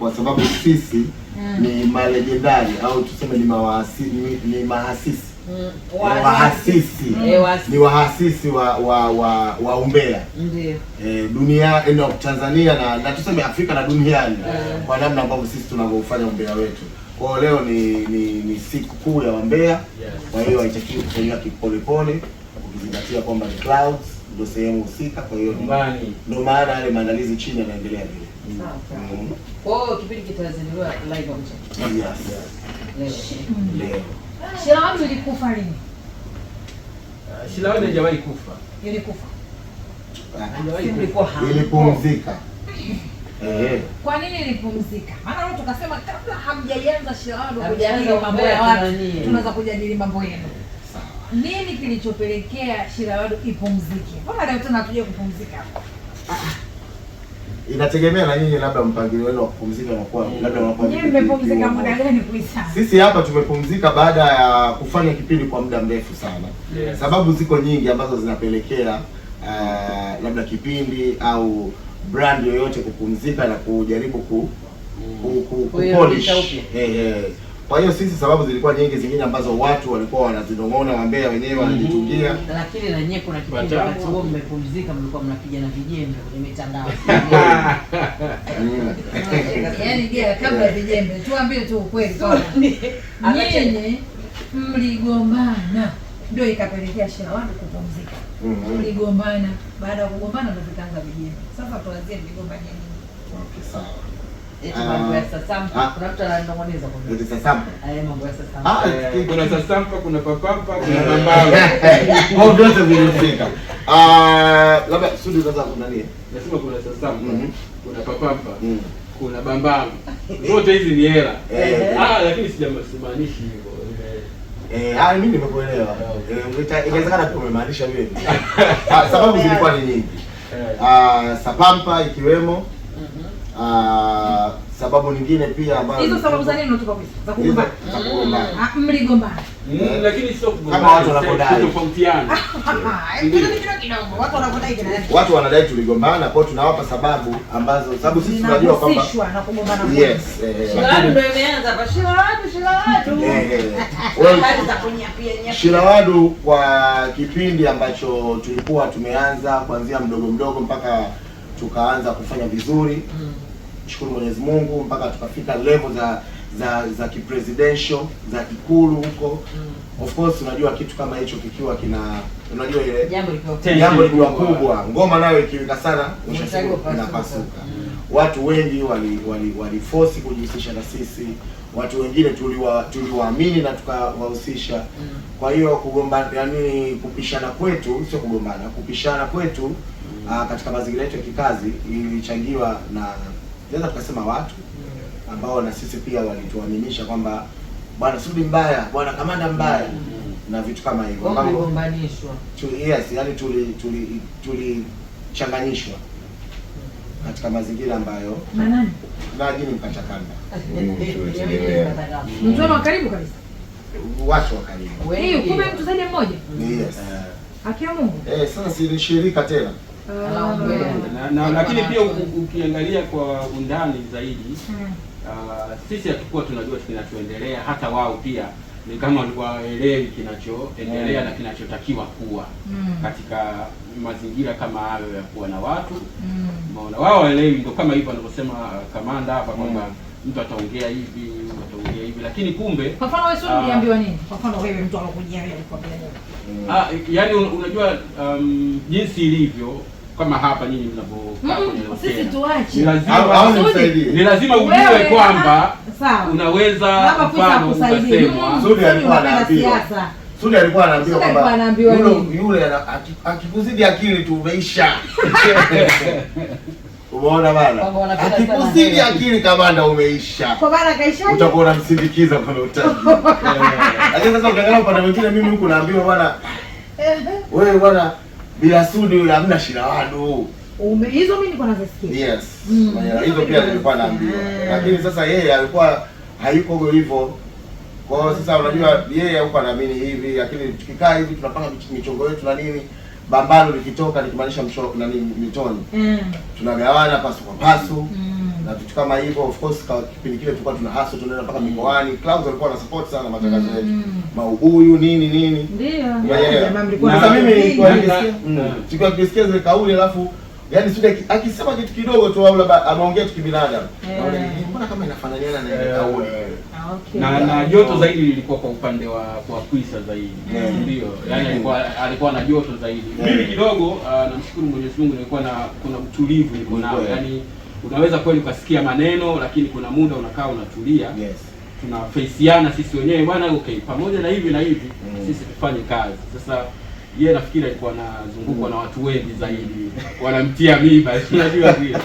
kwa sababu sisi mm. ni malegendari au tuseme ni mawasi, ni, ni mahasisi mm. mm. wahasisi ni wahasisi wa wa wa, wa umbea eh, dunia eno, eh, Tanzania na, na tuseme Afrika na duniani mm. kwa namna ambavyo sisi tunavyofanya umbea wetu. Kwa leo ni ni, ni siku kuu ya wambea, kwa hiyo haitakiwi kufanywa kipolepole, ukizingatia kwamba ni clouds ndio sehemu husika. Kwa hiyo ndio maana yale maandalizi chini yanaendelea vile kipindi kitaziliwa ilikufa lini? Uh, Shirawi hajawahi kufa. Ilikufa. Ah. Ilipumzika. Eh. Kwa nini ilipumzika? Maana leo tukasema kabla hamjaianza Shirawi kujadili mambo ya watu, tunaweza kujadili mambo yenu. Nini kilichopelekea Shirawi ipumzike? Mbona leo tena tuje kupumzika? Ah, ah inategemea na nyinyi, labda mpangilio wenu wa kupumzika unakuwa labda unakuwa nyinyi mmepumzika muda gani? Kuisa sisi hapa tumepumzika baada ya kufanya kipindi kwa muda mrefu sana, yes. Sababu ziko nyingi ambazo zinapelekea uh, labda kipindi au brand yoyote kupumzika na kujaribu ku, ku, ku, ku, ku polish eh, eh kwa hiyo sisi sababu zilikuwa nyingi zingine ambazo watu walikuwa wanatunong'ona, wambea wenyewe mhm. wanajitungia. Lakini na nyewe kuna kipindi wakati huo mmepumzika, mlikuwa mnapiga na vijembe kwenye mitandao. Yaani je, kabla vijembe, tuambie tu ukweli kama. Nyinyi mligombana ndio ikapelekea Shawani kupumzika. Mhm. Mligombana, baada ya kugombana ndio vikaanza vijembe. Sasa tuanzie mligombana nini? Okay, sawa. Ah. Eh, ah, eh, kuna sasampa, kuna papampa, kuna mambawe. Eh. Ah, labda Sudi, sasa kuna nini? Nasema kuna sasampa, mhm. kuna papampa, mm. kuna bambawe, zote hizi ni hela, lakini sijamsimaanishi hivyo. Eh, mimi nimekuelewa. Inawezekana pia umemaanisha wewe, sababu zilikuwa ni nyingi, sapampa ikiwemo Ah, sababu nyingine pia ambayo hizo sababu za nini unatoka pesa za kugombana za kugombana ah, mligombana, mm, eh? lakini sio kugombana kama watu wanapodai kutofautiana. Eh, watu wanapodai kina watu wanadai tuligombana, kwa tunawapa sababu ambazo sababu sisi tunajua kwamba na kugombana. kwa Yes, eh, Shilawadu ndio imeanza kwa watu Shilawadu, watu wewe, za kunyia pia nyia watu kwa kipindi ambacho tulikuwa tumeanza kuanzia mdogo mdogo mpaka tukaanza kufanya vizuri mm. Tunamshukuru Mwenyezi Mungu mpaka tukafika level za za za kipresidential za Ikulu huko. Mm. Of course unajua kitu kama hicho kikiwa kina unajua ile jambo likiwa kubwa, ngoma nayo ikiwika sana inapasuka. Mm. Watu wengi wali wali, wali force kujihusisha na sisi, watu wengine tuliwa tuliwaamini na tukawahusisha. Mm. Kwa hiyo kugombana, yani kupishana kwetu sio kugombana, kupishana kwetu mm. uh, katika mazingira yetu ya kikazi ilichangiwa na naweza tukasema watu ambao na sisi pia walituaminisha kwamba bwana Sudi mbaya, bwana kamanda mbaya na vitu kama hivyo, yes, yani tuli tuli, tuli katika mazingira ambayo najini mkachakanda mtu wa karibu kabisa, watu wa karibu, kumbe mtu zaidi mmoja, yes. Haki Mungu eh, sasa si shirika tena na, lakini pia ukiangalia kwa undani zaidi hmm. Uh, sisi hatukuwa tunajua kinachoendelea, hata wao pia ni kama walikuwaelewi kinachoendelea na hmm. kinachotakiwa kuwa mm. katika mazingira kama hayo ya kuwa na watu mm. maona wao waelewi, ndio kama hivyo wanavyosema uh, kamanda hapa kwamba mm. mtu ataongea hivi, ataongea hivi, lakini kumbe kwa mfano wewe sio uliambiwa uh, nini? Kwa mfano wewe mtu alokujia yeye alikwambia nini? Ah, yaani unajua um, jinsi ilivyo kama hapa nyinyi mnapokaa kwenye hoteli, ni lazima ujue kwamba unaweza mfano ukasemwa. Mm, Sudi alikuwa anaambiwa kwamba yule yule akikuzidi akili tu umeisha. Umeona bana? Akikuzidi akili kamanda umeisha. Kwa bana kaisha. Utakuwa unamsindikiza kwa hoteli. Lakini sasa ukiangalia upande mwingine mimi huku naambiwa bwana eh, eh. wewe bwana bila Sudi yule hamna shirawado. Ume hizo mimi nilikuwa nazisikia. Yes. Mm. Hizo pia nilikuwa naambiwa. Ah. Lakini sasa yeye alikuwa hayuko hivyo. Kwa hiyo sasa unajua yeye huko anaamini hivi lakini tukikaa hivi tunapanga michongo yetu na nini bambano likitoka nikimaanisha mchoro na nini mitoni. Mm. Tunagawana pasu kwa pasu. Mm na vitu kama hivyo. Of course kwa kipindi kile tulikuwa tuna hasa tunaenda mpaka mikoani. clubs walikuwa na support sana matangazo mm. yetu maubuyu nini nini, ndio sasa mimi nilikuwa nilikuwa nikisikia zile kauli alafu Yaani sudi akisema kitu kidogo tu au labda anaongea tu kibinadamu. Naona Mbona kama inafananiana na ile kauli. Ah, na na joto zaidi lilikuwa kwa upande wa kwa Kwisa zaidi. Ndio. Yaani alikuwa alikuwa na joto zaidi. Mimi kidogo ah, namshukuru Mwenyezi Mungu nilikuwa na kuna utulivu niko nao. Yaani unaweza kweli ukasikia maneno, lakini kuna muda unakaa unatulia, yes. Tunafeisiana sisi wenyewe bwana, okay, pamoja na hivi na hivi mm. sisi tufanye kazi sasa ye nafikiri alikuwa anazungukwa mm. na watu wengi zaidi wanamtia miba unajua vile.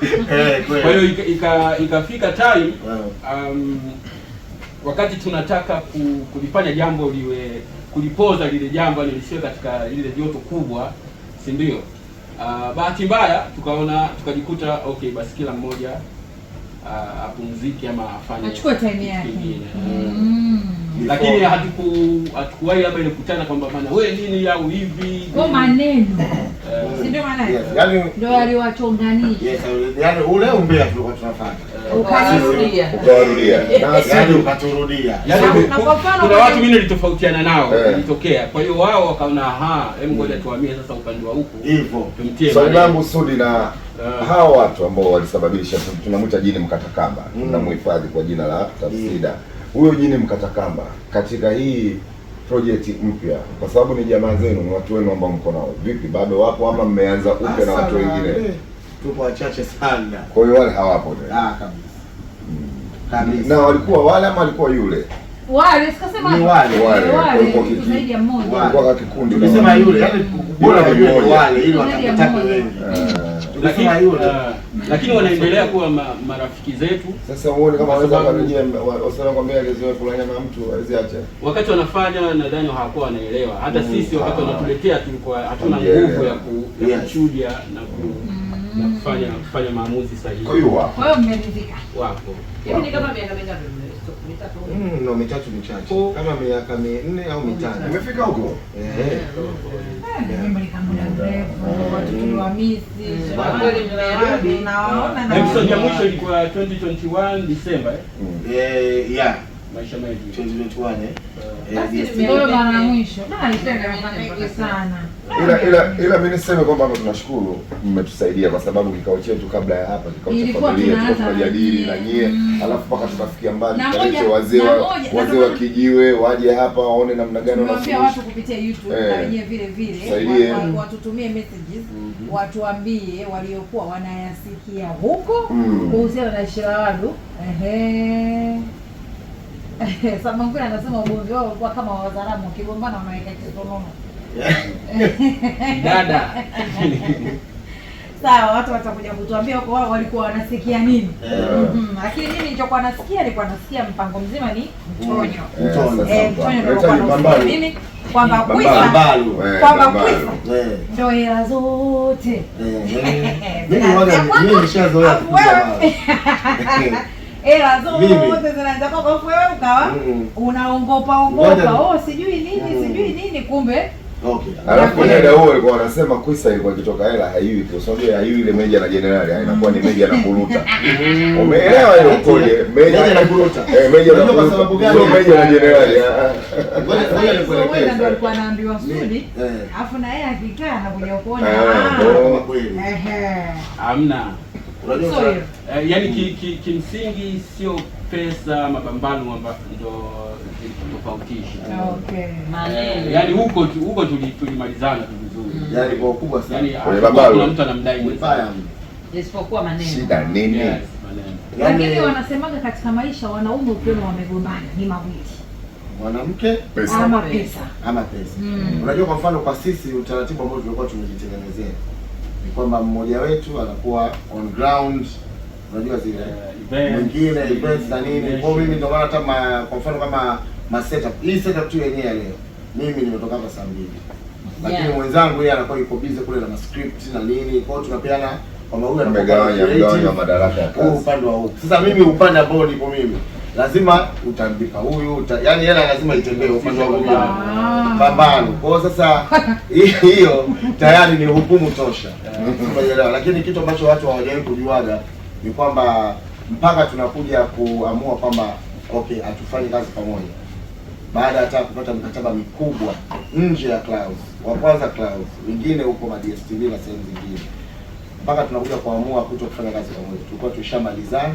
Kwa hiyo ikafika ika time um, wakati tunataka ku, kulifanya jambo liwe kulipoza lile jambo lilisiwe katika lile joto kubwa, si ndio? Uh, bahati mbaya tukaona tukajikuta okay, basi kila mmoja uh, apumzike ama afanye achukue time yake mm. Lakini hatuku hatukuwahi labda ilikutana kwamba bana wewe nini au hivi kwa maneno eh. si ndio maana ndio aliwachonganisha, yes, yani ule umbea tulikuwa tunafanya ukawarudia yaani yaani yaani Kuna watu mimi nilitofautiana nao eh. ilitokea, kwa hiyo wao wakaona aha, hem, ngoja mm. tuhamie sasa upande wa huku, hivyo tumtie Sailamu Sudi na eh. hao watu ambao walisababisha. Tunamwita jini mkatakamba, mm. tunamhifadhi kwa jina la Tafsida. Mm. Huyo jini mkatakamba katika hii project mpya kwa sababu ni jamaa zenu, ni watu wenu ambao mko nao, vipi, bado wapo ama mmeanza upya na watu wengine? tupo wachache sana. Kwa hiyo wale hawapo tena. Ah, kabisa. Hmm. Kabisa. Na walikuwa wale ama walikuwa yule? Wale, sikasema ni wale. Wale, wale. Zaidi ya mmoja. Walikuwa Kwa kikundi. Tukisema yule, yani bora ni yule wale ili watakataka wengi. Lakini yule. Eh. Lakini wanaendelea kuwa marafiki zetu. Sasa uone kama wanaweza kurejea wasema zile alizoea fulani ya mtu aliziacha. Wakati wanafanya nadhani hawakuwa wanaelewa. Hata mm. sisi wakati ah. wanatuletea tulikuwa hatuna nguvu ya kuchuja na ku na kufanya kufanya maamuzi sahihi. Kwa hiyo wapo. Kwa hiyo mmeridhika? Wapo. Hivi yaani ni kama miaka mingapi Mita mitatu? Mm, no mitatu michache. Oh. Kama miaka minne au mitano. Umefika huko? Eh, oh, oh, eh. Mimi ni kama muda eh. mrefu, watu tuliwamizi. Kweli naona na episode ya mwisho ilikuwa 2021 December eh. Eh, yeah. Maisha mengi. 2021 eh. eh ila ila ila mi niseme kwamba hapa tunashukuru mmetusaidia, kwa sababu kikao chetu kabla ya hapa kikao cha familia tulikuwa na nyie, mm. alafu mpaka tukafikia mbali, tukalete wazee wazee wa kijiwe waje hapa waone namna gani wanafanya watu kupitia YouTube eh. na wenyewe vile vile watutumie messages, mhm. watuambie waliokuwa wanayasikia huko mm. kuhusiana na Shirawadu Ehe. Samanguli anasema ugomvi wao ulikuwa kama wazaramu wakigombana wanaweka kisonono. Dada. Sawa, watu watakuja kutuambia huko wao walikuwa wanasikia nini. Mhm. Lakini mimi nilichokuwa nasikia nilikuwa nasikia mpango mzima ni mtonyo. Mm. Mtonyo eh, mimi yaani kwamba eh, kwamba kuiza eh. ndio hela zote hela eh, zote zinaanza kwako, afu wewe ukawa unaongopa ongopa, oh sijui nini sijui nini, kumbe Okay. Alafu kwenye ile huo alikuwa anasema Kwisa ilikuwa ikitoka hela haiwi kwa sababu ya haiwi ile meja na generali ah, inakuwa ni meja na kuruta. Mm-hmm. Umeelewa hiyo koje? Meja na kuruta. Eh, meja na kuruta. Kwa sababu gani? Meja na generali. Ah, ah. Ngoja ngoja nikuelekeze. Ndio alikuwa anaambiwa Sudi. Eh. Alafu na yeye akikaa anakuja kuona. Ah, oh. kweli. Ehe. Hamna unajua so, yeah. Yaani ki, ki, kimsingi sio pesa mapambano ndo tofautisha. Okay. Yaani Huko huko tulimalizana tu vizuri. Yaani kwa ukubwa sana. Ah, kuna mtu anamdai mwenzake. Isipokuwa maneno. Shida nini? Yes, maneno. Lakini wanasemaga katika maisha wanaume upeno wamegombana ni mawili. Mwanamke pesa ama pesa. Ama pesa. Mm. Unajua kwa mfano kwa sisi utaratibu ambao tulikuwa tumejitengenezea ni kwamba mmoja wetu anakuwa on ground, unajua zile eh, mwingine eh, events na nini. Kwa mimi ndio maana hata kwa mfano kama ma setup hii setup tu yenyewe leo mimi nimetoka hapa saa mbili lakini yeah, mwenzangu yeye anakuwa yuko busy kule na script na nini, kwa hiyo tunapeana kwamba huyu anamegawanya madaraka ya kazi upande wa huko. Sasa mimi upande ambao nipo mimi lazima utambika huyu uta, yani hela lazima itembee ah. upande wa pambano. Kwa sasa hiyo tayari ni hukumu tosha yeah. Lakini kitu ambacho watu hawajawahi kujuaga ni kwamba mpaka tunakuja kuamua kwamba okay, hatufanye kazi pamoja, baada hata kupata mikataba mikubwa nje ya Clouds, wa kwanza Clouds, wengine huko ma-DStv na sehemu zingine, mpaka tunakuja kuamua kuto kufanya kazi pamoja, tulikuwa tushamalizana